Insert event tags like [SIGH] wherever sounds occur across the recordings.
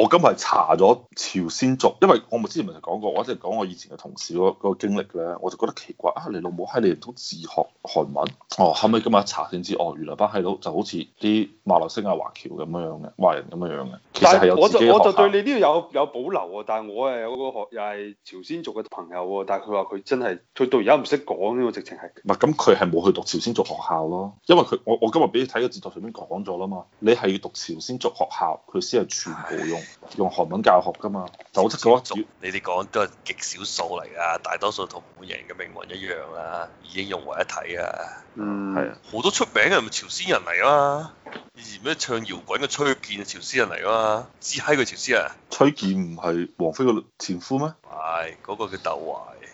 我今日查咗朝鮮族，因為我咪之前咪就講過，我即係講我以前嘅同事嗰嗰個經歷咧，我就覺得奇怪啊！你老母喺你都自學韓文？哦，後屘今日一查先知，哦，原來班喺度就好似啲馬來西亞華僑咁樣樣嘅華人咁樣樣嘅，其實係有自己嘅學校。但係我就我就對你呢度有有保留喎、哦。但係我係有個學又係朝鮮族嘅朋友喎、哦。但係佢話佢真係佢到而家唔識講呢個，直情係唔係咁？佢係冇去讀朝鮮族學校咯，因為佢我我今日俾你睇嘅節目上邊講咗啦嘛。你係要讀朝鮮族學校，佢先係全部用。 [LAUGHS] 用韓文教學噶嘛，走出嗰一種，你哋講都係極少數嚟噶，大多數同滿人嘅命運一樣啦、啊，已經融為一體啊。嗯，係。好多出名嘅係咪朝鮮人嚟啊嘛。以前咩唱搖滾嘅崔健朝鮮人嚟啊嘛，知閪個朝鮮人。崔健唔係王菲嘅前夫咩？係、哎，嗰、那個叫竇唯。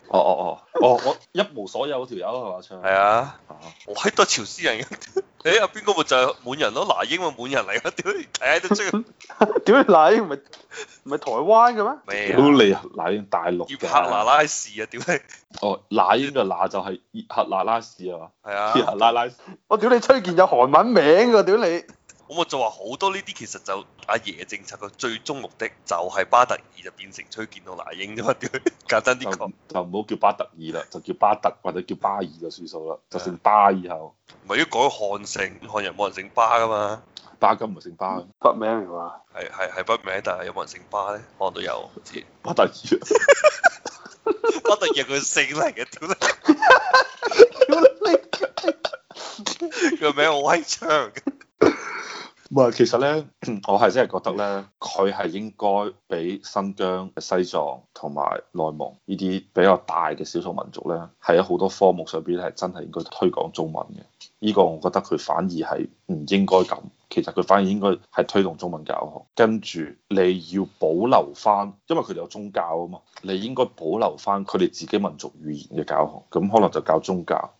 哦哦哦，哦我一無所有嗰條友係咪唱？係啊。Oh. 我閪都係朝鮮人、啊。誒，邊、欸、個咪就係滿人咯？那英咪滿人嚟嘅，屌！ [LAUGHS] 你睇下都知，屌你那英咪咪台灣嘅咩？屌你，那英大陸嘅。葉赫那拉氏啊，屌、啊、你！哦，那英就那就係葉赫那拉氏啊嘛。係啊， [LAUGHS] 葉赫那拉。我屌你，崔健有韓文名噶，屌你！咁我就話好多呢啲，其實就阿爺嘅政策嘅最終目的就係巴特爾就變成崔健同那英咁啊！簡單啲講，就唔好叫巴特爾啦，就叫巴特或者叫巴爾就算數啦，就姓巴是的 以後。唔係要改漢姓？漢人冇人姓巴噶嘛？巴金唔係姓巴，筆名係嘛？係係係筆名，但係有冇人姓巴咧？可能都有。巴特爾， [LAUGHS] [LAUGHS] 巴特爾佢姓嚟嘅，屌你！屌你！佢個名好唔係，其實咧，我係真係覺得咧，佢係應該畀新疆、西藏同埋內蒙呢啲比較大嘅少數民族咧，喺好多科目上邊咧係真係應該推廣中文嘅。呢個我覺得佢反而係唔應該咁，其實佢反而應該係推動中文教學。跟住你要保留翻，因為佢哋有宗教啊嘛，你應該保留翻佢哋自己民族語言嘅教學。咁可能就教宗教。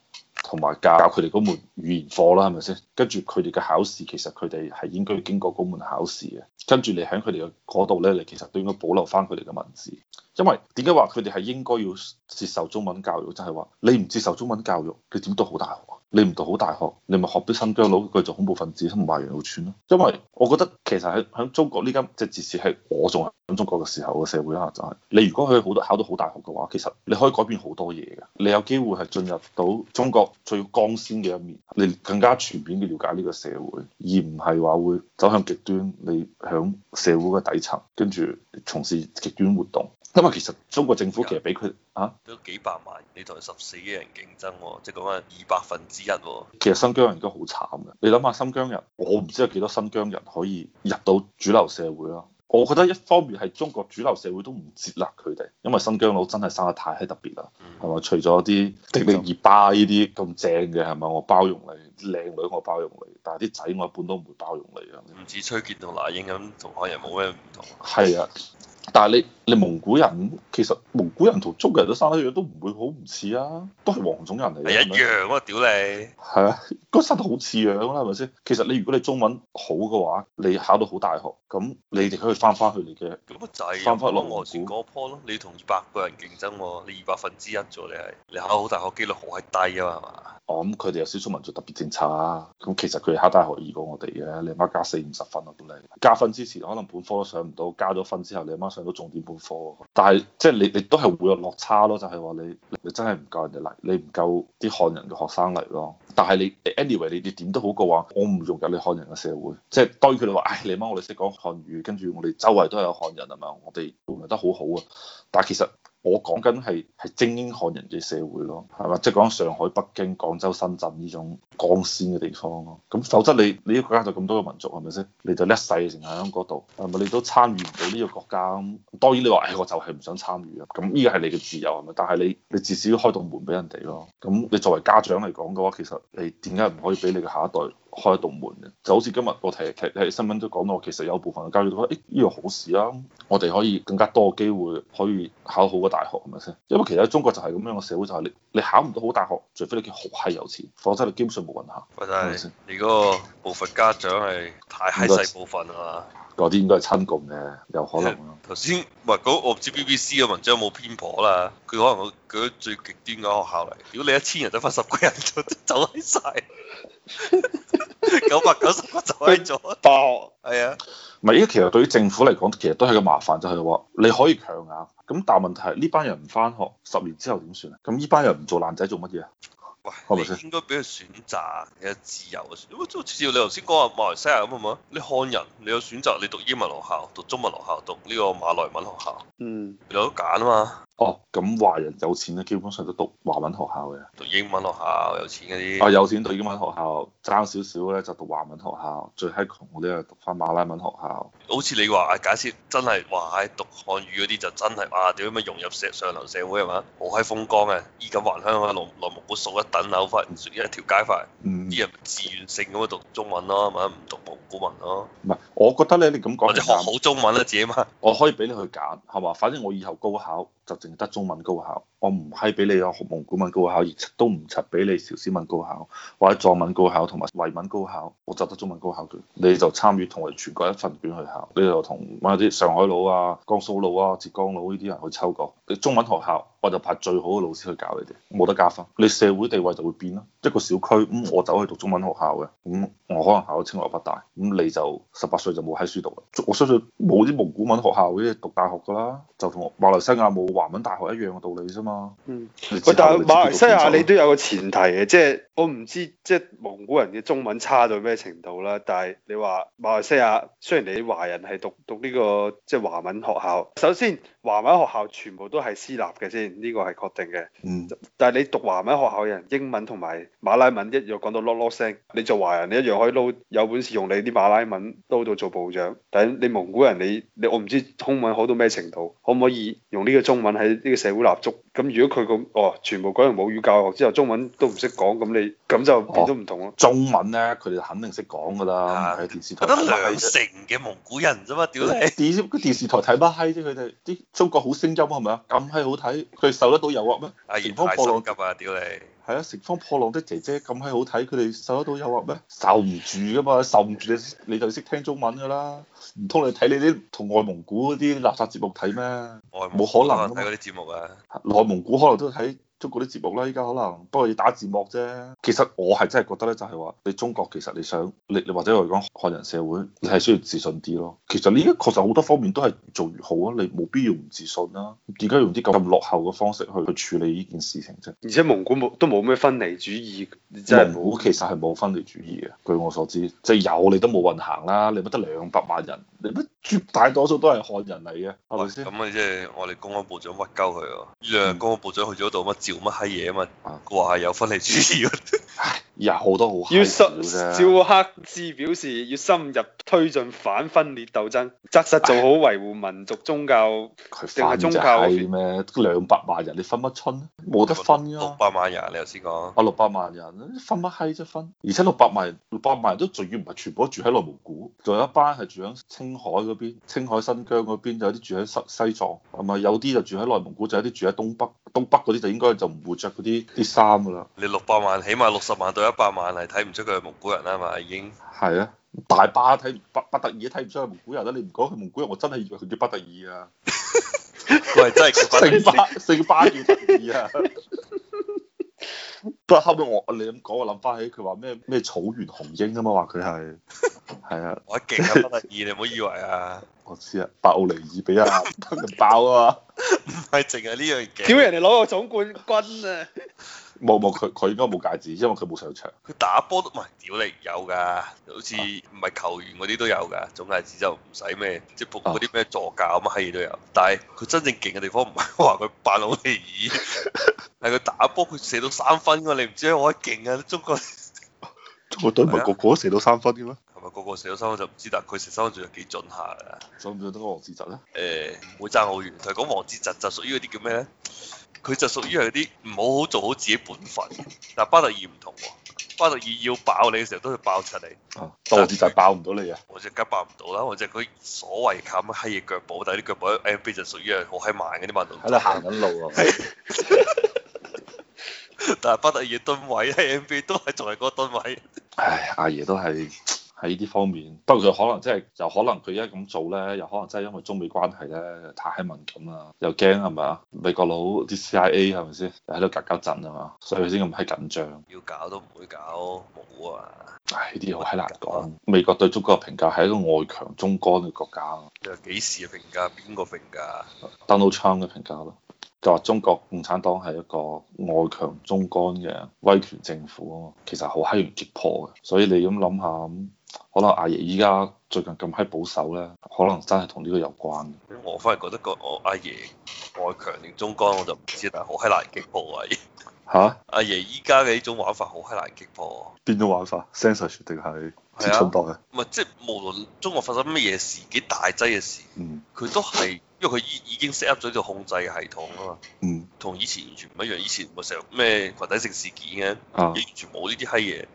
同埋教教佢哋嗰門語言課啦，係咪先？跟住佢哋嘅考試，其實佢哋係應該經過嗰門考試嘅。跟住你喺佢哋嘅嗰度咧，你其實都應該保留返佢哋嘅文字，因為點解話佢哋係應該要接受中文教育？就係話你唔接受中文教育，你點讀好大學啊？你唔讀好大學，你咪學啲新疆佬去做恐怖分子，同埋羊肉串咯。因為我覺得其實喺喺中國呢間，即係即使係我仲喺中國嘅時候嘅社會啦，就係、是、你如果可以考到好大學嘅話，其實你可以改變好多嘢嘅。你有機會係進入到中國最光鮮嘅一面，你更加全面嘅了解呢個社會，而唔係話會走向極端。你喺社會嘅底層，跟住從事極端活動。因為其實中國政府其實俾佢。啊，都幾百萬，你同十四億人競爭，哦，即係講緊二百分之一，哦。其實新疆人都好慘嘅，你諗下新疆人，我唔知有幾多新疆人可以入到主流社會啦。我覺得一方面係中國主流社會都唔接納佢哋，因為新疆佬真係生得太，太特別啦。係咪？嗯？除咗啲迪麗熱巴呢啲咁正嘅，係咪？我包容你，靚女我包容你，但係啲仔我一般都唔會包容你。唔似崔健同那英咁，同漢人冇咩唔同。係啊。但係你你蒙古人其實蒙古人同中國人都生得樣都唔會好唔似啊，都係黃種人嚟，係一樣啊屌你，係啊都生得好似樣啦係咪先？其實你如果你中文好嘅話，你考到好大學，咁你哋可以翻翻去你嘅翻翻落蒙古坡咯。你同二百個人競爭，你二百分之一咋，你係你考好大學機率好係低啊嘛。我諗佢哋有少數民族特別政策啊，咁其實佢哋考大學易過我哋嘅、啊，你阿媽加四五十分啊本嚟，加分之前可能本科都上唔到，加咗分之後你阿媽。上到重點本科，但係即係你你都係會有落差咯，就係話你你真係唔夠人哋嚟，你唔夠啲漢人嘅學生嚟咯。但係你，anyway，你你點都好過話，我唔融入你漢人嘅社會，即係對佢哋話，唉，你媽我哋識講漢語，跟住我哋周圍都係有漢人吖嘛。我哋融入得好好啊。但係其實，我講緊係係精英漢人嘅社會咯，係嘛？即係講上海、北京、廣州、深圳呢種光鮮嘅地方咯。咁否則你你呢個國家就咁多嘅民族係咪先？你就一世成日喺嗰度，係咪你都參與唔到呢個國家咁？當然你話唉，我就係唔想參與啊。咁呢個係你嘅自由係咪？但係你你至少要開道門俾人哋咯。咁你作為家長嚟講嘅話，其實你點解唔可以俾你嘅下一代？開一道門嘅，就好似今日我睇睇睇新聞都講到，其實有部分嘅教育都覺得，誒呢個好事啦、啊。我哋可以更加多嘅機會可以考好嘅大學，係咪先？因為其實中國就係咁樣嘅社會就，就係你你考唔到好大學，除非你嘅學係有錢，否則你基本上冇運行。係咪先？你嗰部分家長係太細部分啊嘛。嗰啲應該係親共嘅，有可能。頭先唔係嗰個，我唔知 BBC 嘅文章有冇偏頗啦，佢可能講最極端嘅學校嚟，如果你一千人都分十個人就走喺晒。九百九十個就可以做大學，係 [LAUGHS] 我是啊。唔係依啲，其實對於政府嚟講，其實都係個麻煩，就係話你可以強硬咁，但問題係呢班人唔返學，十年之後點算啊？咁呢班人唔做爛仔做乜嘢啊？喂，係咪先？應該俾佢選擇嘅自由，咁都照你頭先講啊馬來西亞咁啊嘛。你漢人你有選擇，你讀英文學校、讀中文學校、讀呢個馬來文學校，嗯，有得揀啊嘛。哦，咁華人有錢咧，基本上都讀華文學校嘅，讀英文學校有錢嗰啲啊，有錢讀英文學校，爭少少咧就讀華文學校，最閪窮嗰啲啊讀翻馬拉文學校。好似你話啊，假設真係話唉，讀漢語嗰啲就真係啊，屌乜融入石上流社會係嘛？好閪風光嘅衣錦還鄉啊，內內蒙古數一等樓翻，一條街翻，啲人、嗯、自願性咁啊讀中文咯，係嘛？唔讀蒙古文咯。唔係，我覺得咧，你咁講或者學好中文啦、啊，自己嘛。 [LAUGHS] 我可以俾你去揀係嘛？反正我以後高考，就淨係得中文高考，我唔係俾你學蒙古文高考，亦都唔係俾你朝鮮文高考，或者藏文高考同埋維文高考，我就得中文高考嘅，你就參與同埋全國一份卷去考，你就同啲上海佬啊、江蘇佬啊、浙江佬呢啲人去抽過。你中文學校，我就派最好嘅老師去教你哋，冇得加分。你社會地位就會變啦。一個小區咁，我走去讀中文學校嘅，咁我可能考到清華北大，咁你就十八歲就冇喺書讀啦。我相信冇啲蒙古文學校嗰啲讀大學㗎啦，就同馬來西亞冇。華文大學一樣嘅道理啫嘛。嗯。但但馬來西亞你都有個前提嘅，即係、嗯就是、我唔知即係、就是、蒙古人嘅中文差到咩程度啦。但係你話馬來西亞雖然你華人係讀讀呢、這個即係、就是、華文學校，首先華文學校全部都係私立嘅先，呢、這個係確定嘅。嗯。但係你讀華文學校嘅人，英文同埋馬拉文一樣講到囉囉聲，你做華人你一樣可以撈，有本事用你啲馬拉文撈到做部長。但係你蒙古人你你我唔知中文好到咩程度，可唔可以用呢個中文？文喺呢個社會立足，咁如果佢咁，哦，全部改用母語教學之後，中文都唔識講，咁你咁就變咗唔同咯。中文咧，佢哋肯定識講噶啦。喺、啊、電視台，得兩成嘅蒙古人啫嘛，屌你！電視台睇乜閪啫？佢哋啲中國好聲音係咪啊？咁閪好睇，佢受得到誘惑咩？乘風、啊啊、破浪咁啊，屌你！係啊，乘風破浪的姐姐咁閪 [LAUGHS] 好睇，佢哋受得到誘惑咩？受唔住噶嘛，受唔住你你就識聽中文噶啦，唔通你睇你啲同外蒙古嗰啲垃圾節目睇咩？外冇、哦、可能，睇嗰啲節目啊！內蒙古可能都睇。出嗰啲節目啦，依家可能不過要打字幕啫。其實我係真係覺得咧，就係話你中國其實你想你你或者我嚟講漢人社會，你係需要自信啲咯。其實呢家確實好多方面都係做越好啊，你冇必要唔自信啦。點解用啲咁咁落後嘅方式去去處理呢件事情啫？而且蒙古都冇咩分離主義，蒙古其實係冇分離主義嘅。據我所知，即係有你都冇運行啦。你乜得兩百萬人，你乜絕大多數都係漢人嚟嘅，係咪先？咁啊，即係我哋公安部長屈鳩佢，呢兩公安部長去咗度乜做乜閪嘢啊？嘛話係有分裂主義，有好多好黑。要深。趙克志表示要深入推進反分裂鬥爭，紮實做好維護民族宗教定、哎、呀宗教咩？兩百萬人你分乜春？冇得分啊，啊，六百萬人你頭先講啊？啊，六百萬人分乜閪啫？分而且六百萬六百萬人都仲要唔係全部都住喺內蒙古，仲有一班係住喺青海嗰邊、青海新疆嗰邊，就有啲住喺西西藏，係咪有啲就住喺內蒙古，就有啲住喺東北。東北嗰啲就應該就唔會着嗰啲啲衫噶啦。你六百萬，起碼六十萬到一百萬係睇唔出佢係蒙古人啦嘛，已經係啊，大巴睇不巴特爾睇唔出係蒙古人啦，你唔講佢蒙古人，我真係以為佢叫巴特爾啊。佢 [LAUGHS] 喂，真係姓巴姓巴叫特爾啊。不過後屘我你咁講，我諗翻起佢話咩咩草原雄鷹啊嘛，話佢係係啊，我勁啊巴特爾，你唔好以為啊。我知啊，爆奧尼爾比阿爆啊嘛。 [LAUGHS] 唔係淨係呢樣嘢，屌人哋攞個總冠軍啊！冇冇， [LAUGHS] 佢佢應該冇戒指，因為佢冇上場。佢打波都唔係，屌你有噶，好似唔係球員嗰啲都有噶，總戒指就唔使咩，即係包括啲咩助教嘛啊閪嘢都有。但係佢真正勁嘅地方唔係話佢扮老尼爾，係佢 [LAUGHS] [LAUGHS] 打波佢射到三分噶，你唔知啊，我勁啊，中國， [LAUGHS] 中國隊唔係個個都射到三分嘅咩？ [LAUGHS] 個個食咗三分就唔知，但係佢食三分仲有幾準下嘅。想唔想得個王治郅咧？誒、欸，唔會爭好遠。同係講王治郅就屬於嗰啲叫咩咧？佢就屬於係啲唔好好做好自己本分。但係巴特爾唔同，啊，巴特爾要爆你嘅時候都，都要爆出嚟。啊，導致就爆唔到你啊！我即刻爆唔到啦，或者佢所謂靠乜閪嘢腳步，但係啲腳步咧，NBA 就屬於係好閪慢嘅啲運動，喺度行緊路，啊。 [LAUGHS] [LAUGHS] 但係巴特爾蹲位 NBA 都係仲係個蹲位。 [LAUGHS] 唉，阿爺都係。喺呢方面，不過佢可能即係又可能佢而家咁做咧，又可能真係因為中美關係咧太敏感啦，又驚係咪啊？美國佬啲 CIA 係咪先？又喺度格格震啊嘛，所以佢先咁閪緊張。要搞都唔會搞冇啊！唉，呢啲嘢好閪難講。美國對中國嘅評價係一個外強中乾嘅國家。又幾時嘅評價？邊個評價？Donald Trump 嘅評價咯，就話中國共產黨係一個外強中乾嘅威權政府啊，其實好閪難擊破嘅。所以你咁諗下可能阿爺依家最近咁閪保守咧，可能真係同呢個有關嘅。我反而覺得個我阿爺外強定中幹，我就唔知但係。好閪難擊破 [LAUGHS] 啊！嚇？阿爺依家嘅呢種玩法好閪難擊破。邊種玩法 censorship 定係資產黨啊？唔係， [LAUGHS] 即係無論中國發生乜嘢事，幾大劑嘅事，嗯，佢都係因為佢已已經 set up 咗條控制系統啊嘛，嗯，同以前完全唔一樣。以前咪成日咩群體性事件嘅，啊，完全冇呢啲閪嘢。 [LAUGHS]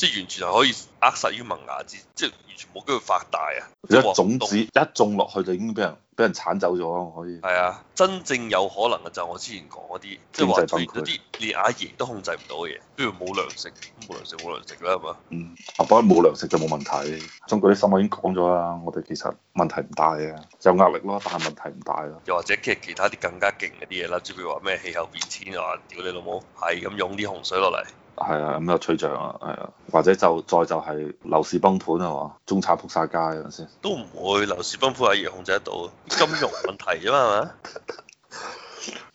即係完全係可以扼殺於萌芽之，即係完全冇機會發大啊！一種子一種落去就已經俾人俾人剷走咗，可以。係啊，真正有可能嘅就係我之前講啲，即係話對一啲連阿爺都控制唔到嘅嘢，比如冇糧食，冇糧食冇糧食啦，嘛？嗯，不過冇糧食就冇問題。中國啲新聞已經講咗啦，我哋其實問題唔大啊，有壓力咯，但係問題唔大咯。又或者其實其他啲更加勁嘅啲嘢啦，即譬如話咩氣候變遷啊，屌你老母，係咁湧啲洪水落嚟。係啊，咁又吹漲啊，係啊，或者就再就係樓市崩盤啊嘛，中產撲曬街咁先，都唔會樓市崩盤，阿爺控制得到，金融問題啫嘛。係咪？ [LAUGHS]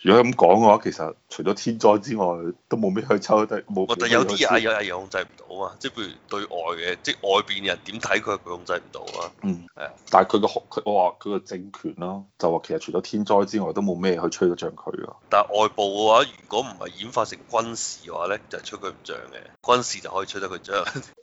如果咁講嘅話，其實除咗天災之外，都冇咩可以抽得冇。我哋有啲嘢有啲嘢控制唔到啊，即係譬如對外嘅，即係外邊人點睇佢，佢控制唔到啊。嗯。誒的，但係佢個佢我話佢個政權咯，就話其實除咗天災之外，都冇咩去吹得脹佢啊。但係外部嘅話，如果唔係演化成軍事嘅話咧，就係、是、吹佢唔脹嘅，軍事就可以吹得佢脹。 [LAUGHS]